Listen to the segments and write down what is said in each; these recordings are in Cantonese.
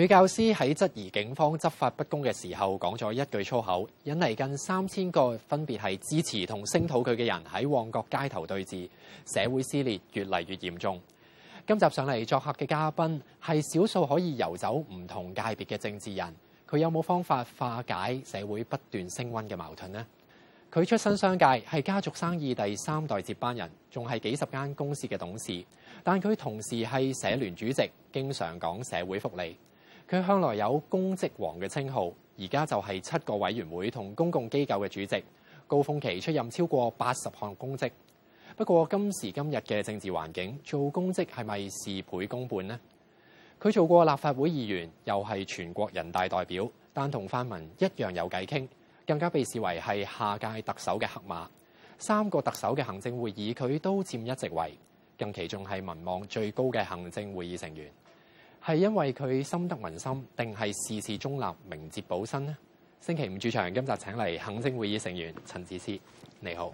女教師喺質疑警方執法不公嘅時候，講咗一句粗口，引嚟近三千個分別係支持同聲討佢嘅人喺旺角街頭對峙，社會撕裂越嚟越嚴重。今集上嚟作客嘅嘉賓係少數可以遊走唔同界別嘅政治人，佢有冇方法化解社會不斷升溫嘅矛盾呢？佢出身商界，係家族生意第三代接班人，仲係幾十間公司嘅董事，但佢同時係社聯主席，經常講社會福利。佢向來有公職王嘅稱號，而家就係七個委員會同公共機構嘅主席，高峰期出任超過八十項公職。不過，今時今日嘅政治環境，做公職係咪事倍功半呢？佢做過立法會議員，又係全國人大代表，但同泛民一樣有偈傾，更加被視為係下屆特首嘅黑馬。三個特首嘅行政會議佢都佔一席位，近期仲係民望最高嘅行政會議成員。係因為佢深得民心，定係事事中立、明哲保身呢？星期五主場，今集請嚟行政會議成員陳智思，你好。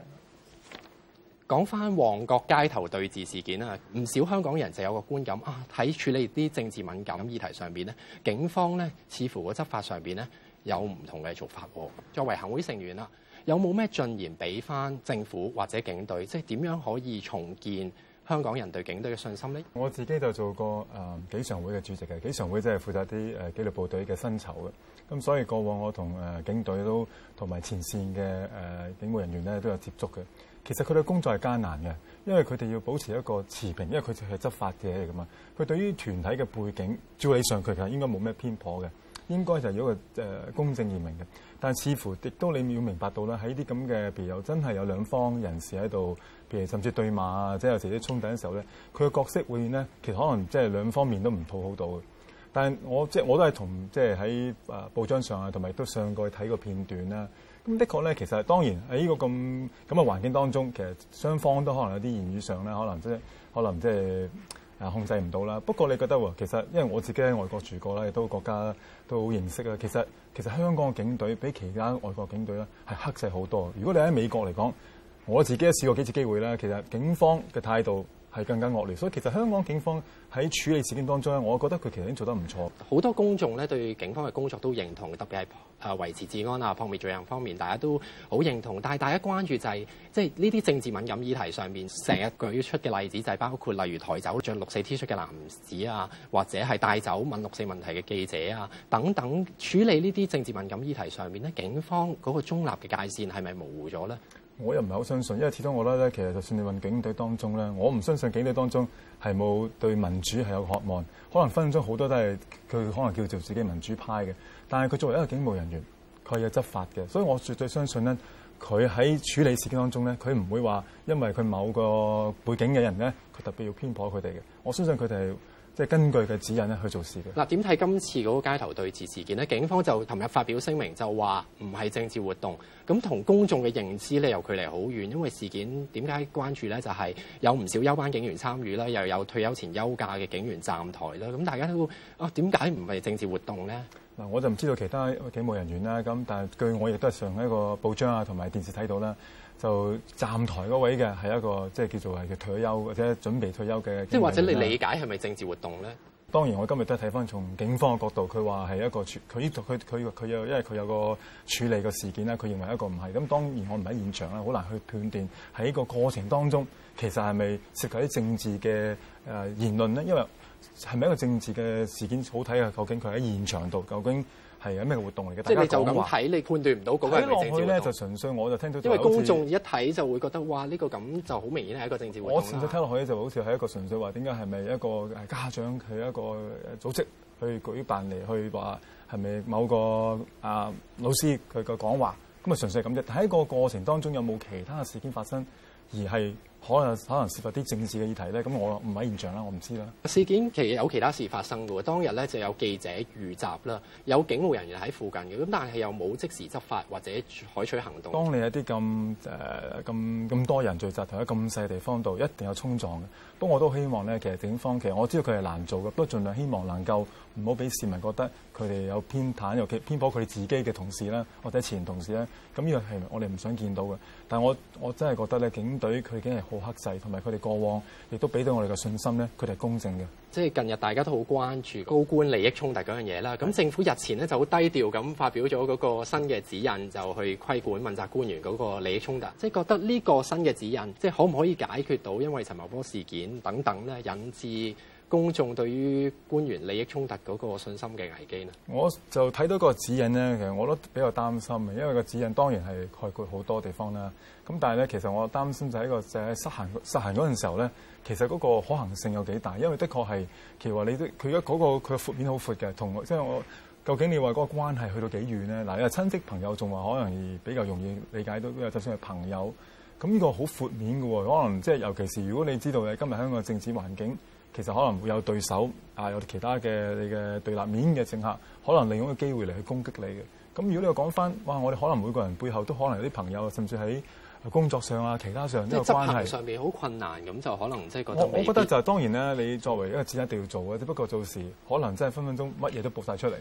講翻旺角街頭對峙事件啦，唔少香港人就有個觀感啊，喺處理啲政治敏感議題上面咧，警方咧似乎個執法上面咧有唔同嘅做法。作為行會成員啦，有冇咩進言俾翻政府或者警隊，即係點樣可以重建？香港人對警隊嘅信心咧，我自己就做過誒紀常會嘅主席嘅，紀常會即係負責啲誒、呃、紀律部隊嘅薪酬嘅，咁所以過往我同、呃、警隊都同埋前線嘅、呃、警務人員咧都有接觸嘅。其實佢哋工作係艱難嘅，因為佢哋要保持一個持平，因為佢哋係執法者嚟㗎嘛。佢對於團體嘅背景，照理上佢其實應該冇咩偏頗嘅。應該就係一個誒公正嚴明嘅，但係似乎亦都你要明白到啦，喺啲咁嘅，譬如有真係有兩方人士喺度，譬如甚至對罵啊，即係有時啲衝突嘅時候咧，佢嘅角色會咧，其實可能即係兩方面都唔討好到嘅。但係我即係我都係同即係喺報章上啊，同埋都上過去睇個片段啦。咁的確咧，其實當然喺呢個咁咁嘅環境當中，其實雙方都可能有啲言語上咧，可能即係可能即係。啊，控制唔到啦！不過你覺得喎，其實因為我自己喺外國住過啦，亦都國家都好認識啊。其實其實香港嘅警隊比其他外國警隊咧係克制好多。如果你喺美國嚟講，我自己都試過幾次機會啦。其實警方嘅態度係更加惡劣，所以其實香港警方喺處理事件當中咧，我覺得佢條線做得唔錯。好多公眾咧對警方嘅工作都認同，特別係誒維持治安啊、撲滅罪行方面，大家都好認同。但係大家關注就係，是，即係呢啲政治敏感議題上面，成日舉出嘅例子就係包括例如抬走着六四 T 恤嘅男子啊，或者係帶走問六四問題嘅記者啊等等。處理呢啲政治敏感議題上面咧，警方嗰個中立嘅界線係咪模糊咗咧？我又唔係好相信，因為始終我覺得咧，其實就算你問警隊當中咧，我唔相信警隊當中係冇對民主係有渴望。可能分分鐘好多都係佢可能叫做自己民主派嘅，但係佢作為一個警務人員，佢有執法嘅，所以我絕對相信咧，佢喺處理事件當中咧，佢唔會話因為佢某個背景嘅人咧，佢特別要偏頗佢哋嘅。我相信佢哋係。即係根據嘅指引咧去做事嘅嗱，點睇今次嗰個街頭對峙事件咧？警方就琴日發表聲明就話唔係政治活動，咁同公眾嘅認知咧又距離好遠。因為事件點解關注咧，就係有唔少休班警員參與啦，又有退休前休假嘅警員站台啦。咁大家都啊，點解唔係政治活動咧？嗱，我就唔知道其他警務人員啦。咁但係據我亦都係上一個報章啊，同埋電視睇到啦。就站台嗰位嘅係一個，即係叫做係退休或者準備退休嘅，即係或者你理解係咪政治活動咧？當然，我今日都係睇返從警方嘅角度，佢話係一個處，佢佢佢佢有，因為佢有個處理個事件啦，佢認為一個唔係咁。當然，我唔喺現場啊，好難去判斷喺個過程當中其實係咪涉及啲政治嘅誒言論咧？因為係咪一個政治嘅事件好睇啊？究竟佢喺現場度究竟？係有咩活動嚟嘅？即係你就咁睇，你判斷唔到嗰個係政治活動。所以落去咧就純粹，我就聽到就。因為公眾一睇就會覺得，哇！呢個咁就好明顯係一個政治活動。我純粹聽落去咧就好似係一個純粹話，點解係咪一個係家長佢一個組織去舉辦嚟去話係咪某個啊老師佢嘅講話？咁啊純粹係咁啫。但喺個過程當中有冇其他嘅事件發生而係？可能可能涉及啲政治嘅議題咧，咁我唔喺現場啦，我唔知啦。事件其實有其他事發生嘅，當日咧就有記者遇襲啦，有警務人員喺附近嘅，咁但係又冇即時執法或者採取行動。當你有啲咁誒咁咁多人聚集喺咁細地方度，一定有衝撞嘅。不過我都希望咧，其實警方其實我知道佢係難做嘅，不過盡量希望能夠。唔好俾市民覺得佢哋有偏袒，尤其偏幫佢哋自己嘅同事啦，或者前同事咧。咁呢個係我哋唔想見到嘅。但係我我真係覺得咧，警隊佢已經係好克制，同埋佢哋過往亦都俾到我哋嘅信心咧，佢哋係公正嘅。即係近日大家都好關注高官利益衝突嗰樣嘢啦。咁政府日前咧就好低調咁發表咗嗰個新嘅指引，就去規管問責官員嗰個利益衝突。即係覺得呢個新嘅指引，即係可唔可以解決到因為陳茂波事件等等咧引致？公眾對於官員利益衝突嗰個信心嘅危機咧，我就睇到個指引咧。其實我都比較擔心，因為個指引當然係概括好多地方啦。咁但係咧，其實我擔心就係個就係、即係、實行實行嗰陣時候咧，其實嗰個可行性有幾大？因為的確係其實話你都佢而家嗰個佢嘅闊面好闊嘅，同即係我究竟你話嗰個關係去到幾遠咧？嗱，你係親戚朋友仲話可能比較容易理解到，就算係朋友咁呢個好闊面嘅喎，可能即係尤其是如果你知道你今日香港嘅政治環境。其實可能會有對手，啊，有其他嘅你嘅對立面嘅政客，可能利用個機會嚟去攻擊你嘅。咁如果你講翻，哇！我哋可能每個人背後都可能有啲朋友，甚至喺工作上啊、其他上都有關係。執行上面好困難，咁就可能即係、就是、覺得。我我覺得就係、是、當然咧，你作為一個政客一定要做嘅，只不過做事可能真係分分鐘乜嘢都報晒出嚟。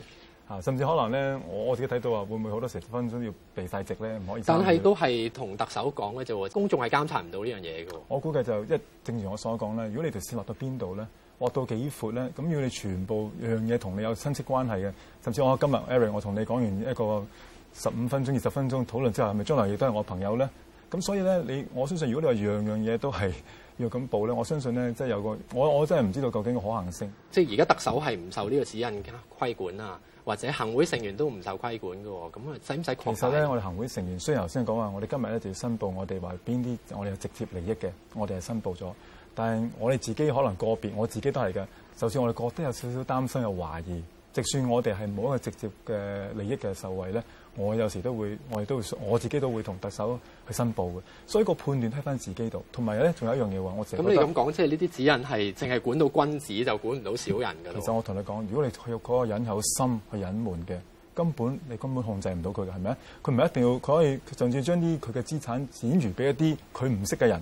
甚至可能咧，我我自己睇到話，會唔會好多時十分鐘要避晒席咧？唔可以。但係都係同特首講嘅就話，公眾係監察唔到呢樣嘢嘅。我估計就一、是，正如我所講咧，如果你條線落到邊度咧，落到幾闊咧，咁要你全部樣嘢同你有親戚關係嘅，甚至我今日 Eric，我同你講完一個十五分鐘、二十分鐘討論之後，係咪將來亦都係我朋友咧？咁所以咧，你我相信，如果你話樣樣嘢都係。要咁報咧，我相信咧，即係有個我，我真係唔知道究竟個可行性。即係而家特首係唔受呢個指引規管啊，或者行會成員都唔受規管㗎喎。咁使唔使擴大？其實咧，我哋行會成員雖然頭先講話，我哋今日咧就要申報我哋話邊啲我哋有直接利益嘅，我哋係申報咗。但係我哋自己可能個別，我自己都係嘅。就算我哋覺得有少少擔心有懷疑，就算我哋係冇一個直接嘅利益嘅受惠咧。我有時都會，我亦都會我自己都會同特首去申報嘅，所以個判斷睇翻自己度。同埋咧，仲有一樣嘢話，我自己覺得咁你咁講，即係呢啲指引係淨係管到君子，就管唔到小人啦。其實我同你講，如果你有嗰個隱心去隱瞞嘅，根本你根本控制唔到佢嘅，係咪？佢唔一定要佢可以甚至將啲佢嘅資產展移俾一啲佢唔識嘅人，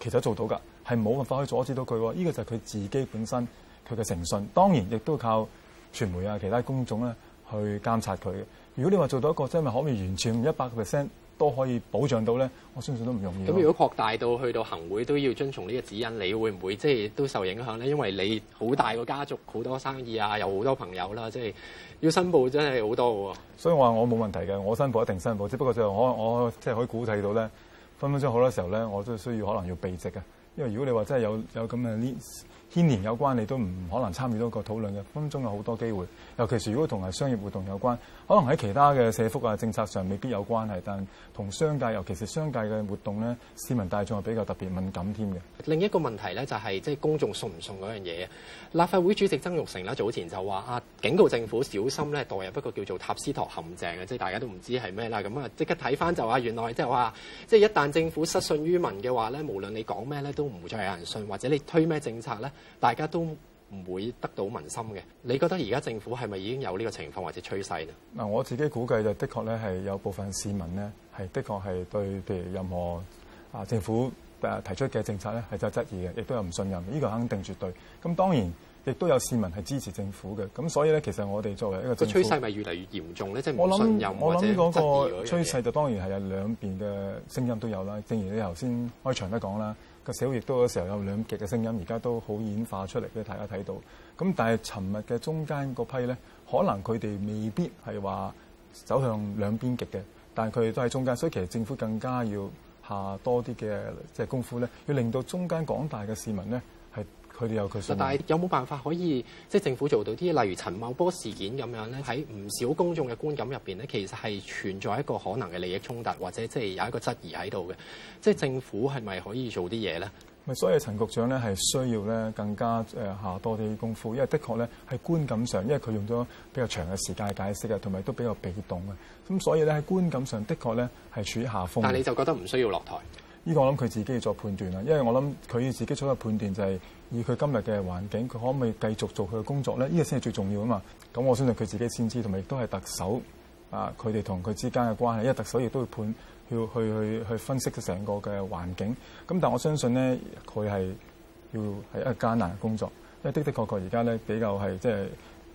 其實做到㗎，係冇辦法可以阻止到佢。呢個就係佢自己本身佢嘅誠信。當然亦都靠傳媒啊，其他公眾咧去監察佢嘅。如果你話做到一個真係可唔可以完全一百個 percent 都可以保障到咧，我相信都唔容易。咁如果擴大到去到行會都要遵從呢個指引，你會唔會即係、就是、都受影響咧？因為你好大個家族，好多生意啊，有好多朋友啦、啊，即、就、係、是、要申報真係好多喎、啊。所以我話我冇問題嘅，我申報一定申報，只不過就我我即係、就是、可以估計到咧，分分鐘好多時候咧我都需要可能要避席嘅，因為如果你話真係有有咁嘅天然有關，你都唔可能參與到一個討論嘅。分分鐘有好多機會，尤其是如果同埋商業活動有關，可能喺其他嘅社福啊政策上未必有關係，但同商界，尤其是商界嘅活動咧，市民大眾係比較特別敏感添嘅。另一個問題咧，就係即係公眾信唔信嗰樣嘢。立法會主席曾玉成啦，早前就話啊，警告政府小心咧，墮入一個叫做塔斯托陷阱嘅，即係大家都唔知係咩啦。咁啊，即刻睇翻就話原來即係話，即係一旦政府失信於民嘅話咧，無論你講咩咧，都唔會再有人信，或者你推咩政策咧？大家都唔會得到民心嘅，你覺得而家政府係咪已經有呢個情況或者趨勢咧？嗱，我自己估計就的確咧係有部分市民咧係的確係對譬如任何啊政府誒提出嘅政策咧係有質疑嘅，亦都有唔信任，呢個肯定絕對。咁當然亦都有市民係支持政府嘅，咁所以咧其實我哋作為一個，趨個趨勢咪越嚟越嚴重咧，即係唔信任或者質疑。我諗，我諗個趨勢就當然係有兩邊嘅聲音都有啦。正如你頭先開場都講啦。個社會亦都有時候有兩極嘅聲音，而家都好演化出嚟俾大家睇到。咁但係尋日嘅中間嗰批咧，可能佢哋未必係話走向兩邊極嘅，但佢哋都係中間，所以其實政府更加要下多啲嘅即係功夫咧，要令到中間廣大嘅市民咧。佢哋有佢信，但係有冇辦法可以即係、就是、政府做到啲，例如陳茂波事件咁樣咧，喺唔少公眾嘅觀感入邊咧，其實係存在一個可能嘅利益衝突，或者即係有一個質疑喺度嘅，即、就、係、是、政府係咪可以做啲嘢咧？咪所以陳局長咧係需要咧更加誒下多啲功夫，因為的確咧喺觀感上，因為佢用咗比較長嘅時間解釋啊，同埋都比較被動啊，咁所以咧喺觀感上的確咧係處於下風。但係你就覺得唔需要落台？呢個我諗佢自己要作判斷啦，因為我諗佢自己做嘅判斷，就係以佢今日嘅環境，佢可唔可以繼續做佢嘅工作咧？呢個先係最重要啊嘛。咁我相信佢自己先知，同埋亦都係特首啊，佢哋同佢之間嘅關係，因為特首亦都會判，要去去去分析成個嘅環境。咁但我相信咧，佢係要係一個艱難嘅工作，因為的的確確而家咧比較係即係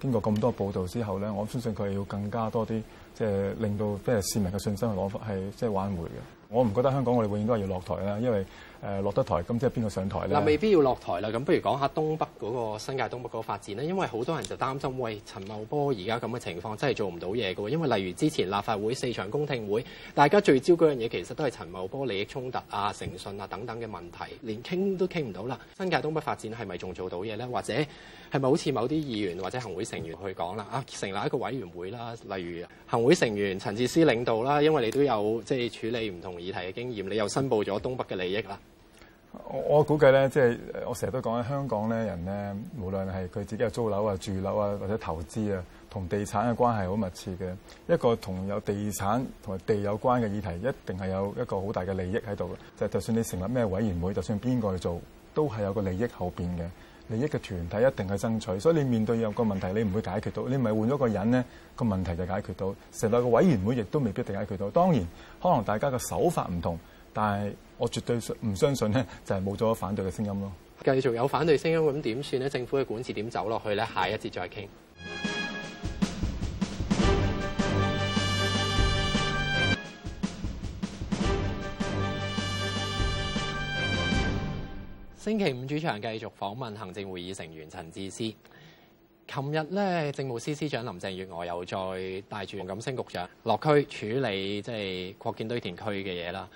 經過咁多報道之後咧，我相信佢係要更加多啲即係令到即係市民嘅信心係攞翻係即係挽回嘅。我唔覺得香港，我哋永遠都係要落台啦，因為。誒落得台，咁即係邊個上台咧？嗱，未必要落台啦。咁不如講下東北嗰個新界東北嗰個發展咧，因為好多人就擔心，喂，陳茂波而家咁嘅情況真係做唔到嘢㗎喎。因為例如之前立法會四場公聽會，大家聚焦嗰樣嘢，其實都係陳茂波利益衝突啊、誠信啊等等嘅問題，連傾都傾唔到啦。新界東北發展係咪仲做到嘢咧？或者係咪好似某啲議員或者行會成員去講啦？啊，成立一個委員會啦，例如行會成員、陳智思領導啦，因為你都有即係、就是、處理唔同議題嘅經驗，你又申報咗東北嘅利益啦。我估計咧，即係我成日都講喺香港咧，人咧，無論係佢自己有租樓啊、住樓啊，或者投資啊，同地產嘅關係好密切嘅。一個同有地產同埋地有關嘅議題，一定係有一個好大嘅利益喺度嘅。就係就算你成立咩委員會，就算邊個去做，都係有個利益後面嘅利益嘅團體一定係爭取。所以你面對有個問題，你唔會解決到，你唔係換咗個人咧，個問題就解決到。成立個委員會亦都未必一定解決到。當然，可能大家嘅手法唔同。但係我絕對唔相信咧，就係冇咗反對嘅聲音咯。繼續有反對聲音，咁點算咧？政府嘅管治點走落去咧？下一節再傾。星期五主場繼續訪問行政會議成員陳智思。琴日咧，政務司司長林鄭月娥又再帶住黃錦星局長落區處理即係擴建堆填區嘅嘢啦。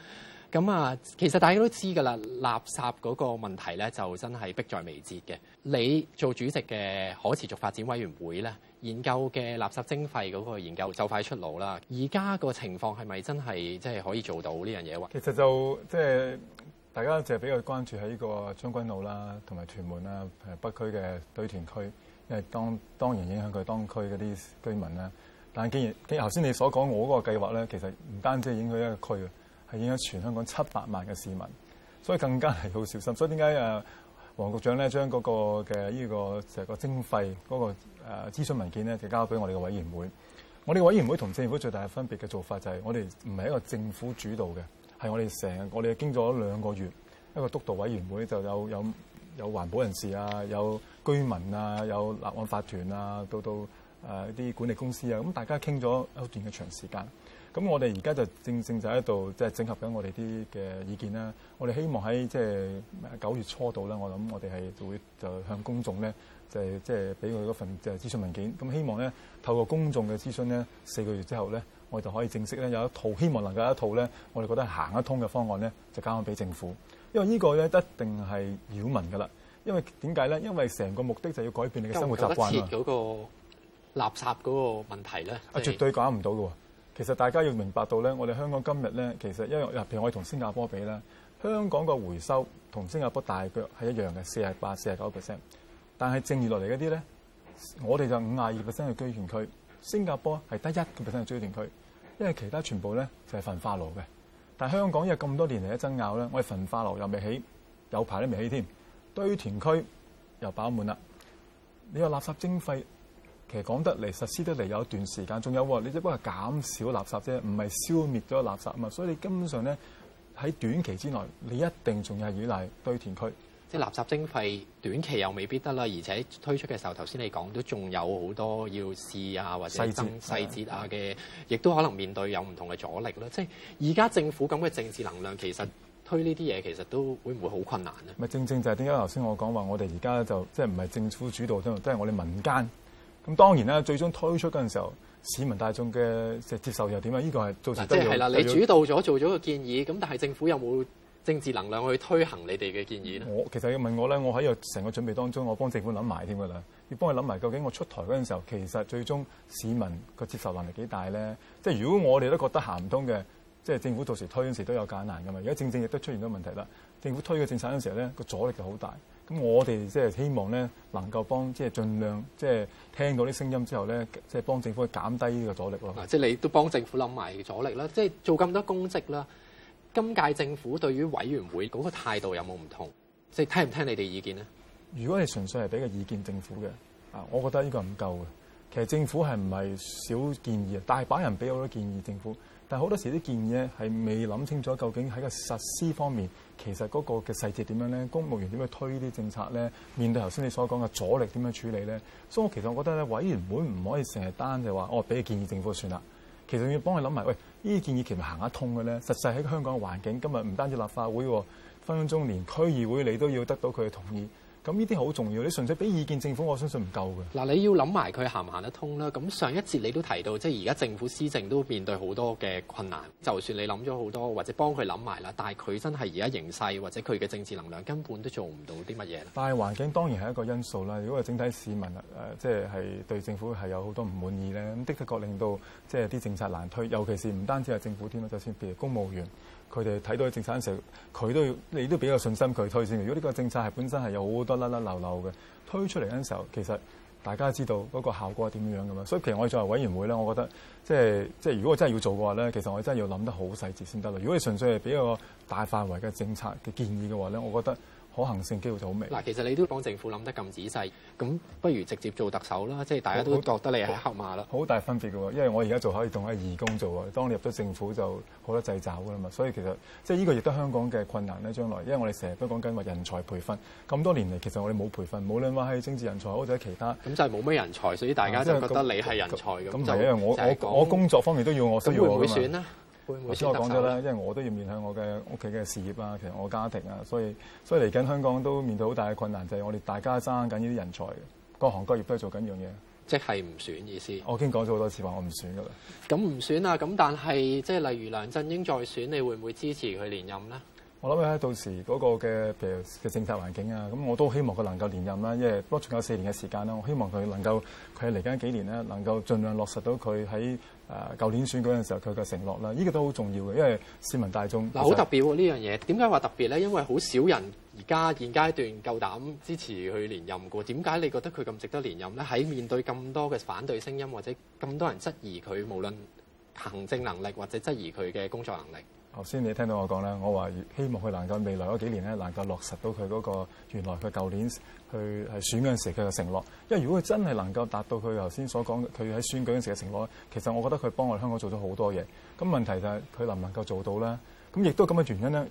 咁啊，其實大家都知㗎啦，垃圾嗰個問題咧，就真係迫在眉睫嘅。你做主席嘅可持續發展委員會咧，研究嘅垃圾徵費嗰個研究就快出爐啦。而家個情況係咪真係即係可以做到呢樣嘢？話其實就即係、就是、大家就比較關注喺呢個將軍澳啦，同埋屯門啦，誒北區嘅堆填區，因為當當然影響佢當區嗰啲居民啦。但係既然既頭先你所講，我嗰個計劃咧，其實唔單止影響一個區嘅。影響全香港七百萬嘅市民，所以更加係好小心。所以點解誒，黃局長咧將嗰、那個嘅呢、這個就係、這個徵費嗰、那個誒諮詢文件咧，就交俾我哋嘅委員會。我哋委員會同政府最大嘅分別嘅做法就係，我哋唔係一個政府主導嘅，係我哋成我哋經咗兩個月，一個督導委員會就有有有環保人士啊，有居民啊，有立案法團啊，到到誒一啲管理公司啊，咁大家傾咗一段嘅長時間。咁我哋而家就正正就喺度即係整合緊我哋啲嘅意見啦。我哋希望喺即係九月初度啦，我諗我哋係會就向公眾咧，就係即係俾佢嗰份即係諮詢文件。咁希望咧透過公眾嘅諮詢咧，四個月之後咧，我哋就可以正式咧有一套，希望能夠有一套咧，我哋覺得行得通嘅方案咧，就交返俾政府。因為呢個咧一定係擾民噶啦。因為點解咧？因為成個目的就要改變你嘅生活習慣啊嘛。嗰個垃圾嗰個問題咧。啊，絕對講唔到噶喎。其實大家要明白到咧，我哋香港今日咧，其實因為啊，譬如我哋同新加坡比啦，香港個回收同新加坡大約係一樣嘅，四十八四十九 percent，但係剩餘落嚟嗰啲咧，我哋就五十二 percent 嘅堆填區，新加坡係得一個 percent 嘅堆填區，因為其他全部咧就係焚化爐嘅。但係香港因為咁多年嚟嘅爭拗咧，我哋焚化爐又未起，有排都未起添，堆填區又飽滿啦。你話垃圾徵費？其實講得嚟，實施得嚟有一段時間，仲有喎。你只不過係減少垃圾啫，唔係消滅咗垃圾啊嘛。所以你根本上咧，喺短期之內，你一定仲要係依賴堆填區。即係垃圾徵費短期又未必得啦，而且推出嘅時候，頭先你講都仲有好多要試啊，或者細節的細節啊嘅，亦都可能面對有唔同嘅阻力啦。是的即係而家政府咁嘅政治能量，其實推呢啲嘢其實都會唔會好困難咧？咪正正就係點解頭先我講話，我哋而家就即係唔係政府主導都都係我哋民間。咁當然啦，最終推出嗰陣時候，市民大眾嘅接受又點啊？呢、呢個係做實嘅。即係啦，要你主導咗做咗個建議，咁但係政府有冇政治能量去推行你哋嘅建議咧？我其實要問我咧，我喺個成個準備當中，我幫政府諗埋添㗎啦，要幫佢諗埋究竟我出台嗰陣時候，其實最終市民個接受能力幾大咧？即係如果我哋都覺得行唔通嘅。即係政府到時推嗰陣時都有困難㗎嘛。而家正正亦都出現咗問題啦。政府推嘅政策嗰陣時咧，個阻力就好大。咁我哋即係希望咧能夠幫即係盡量即係聽到啲聲音之後咧，即係幫政府去減低呢個阻力咯。即係你都幫政府諗埋阻力啦。即係做咁多公職啦，今屆政府對於委員會嗰個態度有冇唔同？即係聽唔聽你哋意見咧？如果你純粹係俾個意見政府嘅，啊，我覺得呢個唔夠嘅。其實政府係唔係少建議啊？大把人俾好多建議政府。但係好多時啲建議咧係未諗清楚，究竟喺個實施方面，其實嗰個嘅細節點樣咧？公務員點樣推呢啲政策咧？面對頭先你所講嘅阻力點樣處理咧？所以我其實我覺得咧，委員會唔可以成日單就話哦，俾建議政府算啦。其實要幫佢諗埋，喂，呢啲建議其實行得通嘅咧，實際喺香港嘅環境，今日唔單止立法會，分分鐘連區議會你都要得到佢嘅同意。咁呢啲好重要，你純粹俾意見政府，我相信唔夠嘅。嗱，你要諗埋佢行唔行得通啦。咁上一節你都提到，即係而家政府施政都面對好多嘅困難。就算你諗咗好多，或者幫佢諗埋啦，但係佢真係而家形勢或者佢嘅政治能量根本都做唔到啲乜嘢。大環境當然係一個因素啦。如果係整體市民誒，即係係對政府係有好多唔滿意咧，咁的確令到即係啲政策難推。尤其是唔單止係政府添，就算譬如公務員。佢哋睇到啲政策嘅時候，佢都要你都比較信心佢推先。如果呢個政策係本身係有好多甩甩漏漏嘅推出嚟嘅時候，其實大家知道嗰個效果係點樣㗎嘛。所以其實我哋作為委員會咧，我覺得即係即係，如果我真係要做嘅話咧，其實我真係要諗得好細節先得啦。如果你純粹係俾一個大範圍嘅政策嘅建議嘅話咧，我覺得。可行性機會就好微。嗱，其實你都講政府諗得咁仔細，咁不如直接做特首啦，即係大家都覺得你係黑馬啦。好大分別㗎喎，因為我而家做可以當一個義工做啊，當你入咗政府就好多掣肘噶啦嘛。所以其實即係呢個亦都香港嘅困難咧，將來因為我哋成日都講緊話人才培訓，咁多年嚟其實我哋冇培訓，無論話係政治人才或者其他。咁就係冇咩人才，所以大家都覺得你係人才咁。咁因係我我工作方面都要我識揾啦。我頭先我講咗啦，因為我都要面向我嘅屋企嘅事業啊，其實我家庭啊，所以所以嚟緊香港都面對好大嘅困難，就係我哋大家爭緊呢啲人才，各行各業都係做緊一樣嘢，即係唔選意思。我已經講咗好多次話，我唔選噶啦。咁唔選啊，咁但係即係例如梁振英再選，你會唔會支持佢連任咧？我諗到時嗰個嘅譬如嘅政策環境啊，咁我都希望佢能夠連任啦，因為都仲有四年嘅時間啦。我希望佢能夠，佢嚟緊幾年咧，能夠盡量落實到佢喺誒舊年選舉嘅時候佢嘅承諾啦。呢個都好重要嘅，因為市民大眾嗱好特別喎呢樣嘢。點解話特別咧？因為好少人而家現階段夠膽支持佢連任嘅。點解你覺得佢咁值得連任咧？喺面對咁多嘅反對聲音，或者咁多人質疑佢，無論行政能力或者質疑佢嘅工作能力。頭先你聽到我講啦，我話希望佢能夠未來嗰幾年咧，能夠落實到佢嗰個原來佢舊年去係選舉嗰陣時佢嘅承諾。因為如果佢真係能夠達到佢頭先所講，佢喺選舉嗰陣時嘅承諾，其實我覺得佢幫我哋香港做咗好多嘢。咁問題就係佢能唔能夠做到咧？咁亦都咁嘅原因咧，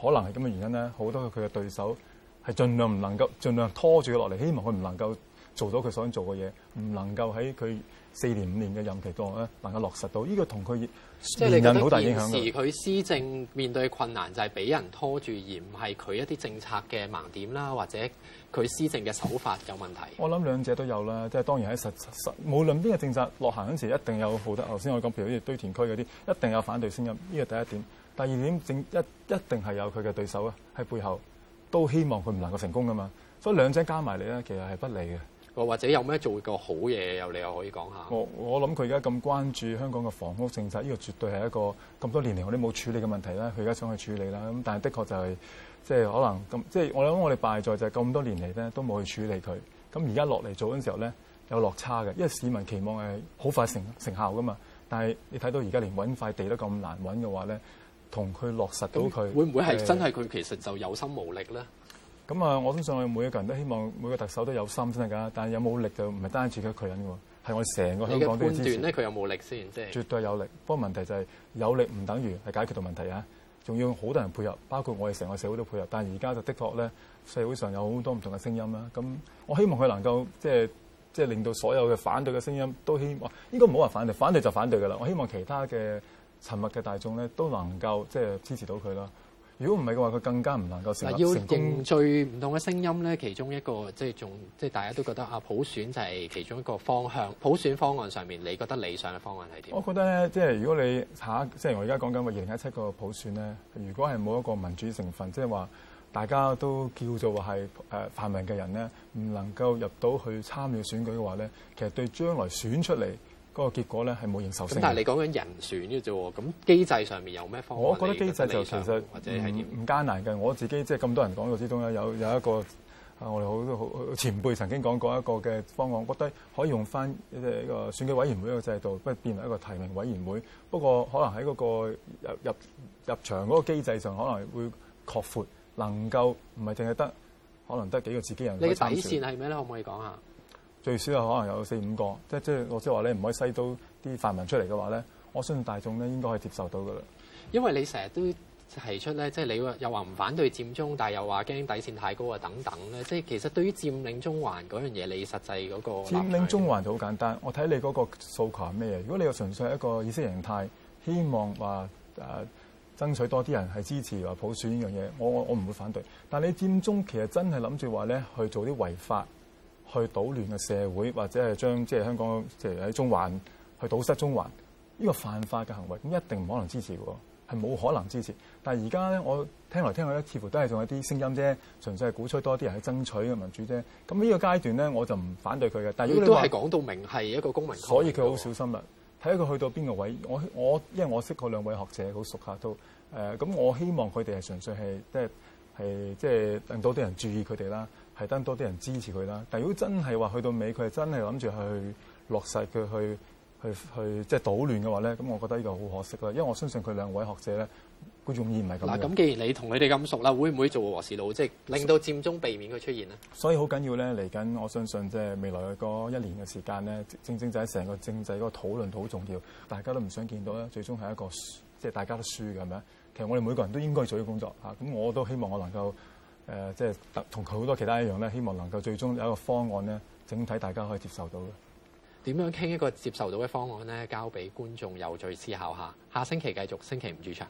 可能係咁嘅原因咧，好多佢嘅對手係盡量唔能夠，盡量拖住佢落嚟，希望佢唔能夠。做到佢想做嘅嘢，唔能夠喺佢四年五年嘅任期度咧，能夠落實到呢、這個同佢連任好大影響嘅。即係你覺得現時佢施政面對困難就係俾人拖住，而唔係佢一啲政策嘅盲點啦，或者佢施政嘅手法有問題。我諗兩者都有啦，即係當然喺實實，實無論邊個政策落行嗰陣時，一定有好多。頭先我講，譬如好似堆填區嗰啲，一定有反對聲音。呢個第一點。第二點政一一定係有佢嘅對手啊，喺背後都希望佢唔能夠成功噶嘛。所以兩者加埋嚟咧，其實係不利嘅。或者有咩做一個好嘢，有你又可以講下。我我諗佢而家咁關注香港嘅房屋政策，呢個絕對係一個咁多年嚟我哋冇處理嘅問題呢，佢而家想去處理啦，咁但係的確就係即係可能咁，即係我諗我哋敗在就係咁多年嚟咧都冇去處理佢。咁而家落嚟做嘅時候咧，有落差嘅，因為市民期望係好快成成效㗎嘛。但係你睇到而家連揾塊地都咁難揾嘅話咧，同佢落實到，佢會唔會係真係佢其實就有心無力咧？咁啊！我相信每一個人都希望每個特首都有心真係㗎，但有冇力就唔係單止佢一個人喎，係我哋成個香港都支持。你的判斷咧，佢有冇力先？即係絕對有力。不過問題就係有力唔等於係解決到問題啊！仲要用好多人配合，包括我哋成個社會都配合。但而家就的確咧，社會上有好多唔同嘅聲音啦。咁我希望佢能夠即係即係令到所有嘅反對嘅聲音都希望，應該冇話反對，反對就反對㗎啦。我希望其他嘅沉默嘅大眾咧，都能夠即支持到佢啦。如果唔係嘅話，佢更加唔能夠成。嗱，要凝聚唔同嘅聲音咧，其中一個即係仲即係大家都覺得啊，普選就係其中一個方向。普選方案上面，你覺得理想嘅方案係點？我覺得咧，即係如果你下即係我而家講緊嘅二零一七個普選咧，如果係冇一個民主成分，即係話大家都叫做話係誒泛民嘅人咧，唔能夠入到去參與選舉嘅話咧，其實對將來選出嚟。嗰個結果咧係冇認受性。但係你講緊人選嘅啫喎，咁機制上面有咩方法？我覺得機制就其實唔唔艱難嘅。我自己即係咁多人講過之中咧，有有一個啊，我哋好多好前輩曾經講過一個嘅方案，覺得可以用翻即係個選舉委員會嘅制度，不變為一個提名委員會。不過可能喺嗰個入入入場嗰個機制上可，可能會擴闊，能夠唔係淨係得可能得幾個自己人選。你嘅底線係咩咧？可唔可以講下？最少啊，可能有四五個，即即老師話你唔可以篩到啲泛民出嚟嘅話咧，我相信大眾咧應該可以接受到嘅啦。因為你成日都提出咧，即你話又話唔反對佔中，但係又話驚底線太高啊等等咧，即其實對於佔領中環嗰樣嘢，你實際嗰個佔領中環就好簡單。我睇你嗰個訴求係咩嘢？如果你係純粹一個意識形態，希望話誒、呃、爭取多啲人係支持或普選呢樣嘢，我我我唔會反對。但係你佔中其實真係諗住話咧去做啲違法。去搗亂嘅社會，或者係將即係香港，即係喺中環去堵塞中環，呢個犯法嘅行為，咁一定唔可能支持嘅，係冇可能支持。但係而家咧，我聽來聽去咧，似乎都係仲有啲聲音啫，純粹係鼓吹多啲人去爭取嘅民主啫。咁呢個階段咧，我就唔反對佢嘅。但係如果你話，講到明係一個公民，所以佢好小心啦。睇下佢去到邊個位，我我因為我識嗰兩位學者，好熟下都。誒、呃，咁我希望佢哋係純粹係，即係係即係令到啲人注意佢哋啦。係得多啲人支持佢啦，但如果真係話去到尾，佢係真係諗住去落實佢去去去即係搗亂嘅話咧，咁我覺得呢個好可惜啦，因為我相信佢兩位學者咧，佢仲然唔係咁。嗱，咁既然你同佢哋咁熟啦，會唔會做和事佬，即係令到佔中避免佢出現呢？所以好緊要咧，嚟緊我相信即係未來嗰一年嘅時間咧，正正就喺成個政制嗰個討論好重要，大家都唔想見到咧，最終係一個即係大家都輸㗎。咁咪其實我哋每個人都應該做啲工作，咁我都希望我能夠。誒、呃，即係同佢好多其他一樣咧，希望能夠最終有一個方案咧，整體大家可以接受到嘅。點樣傾一個接受到嘅方案咧？交俾觀眾有罪思考下。下星期繼續，星期五主場。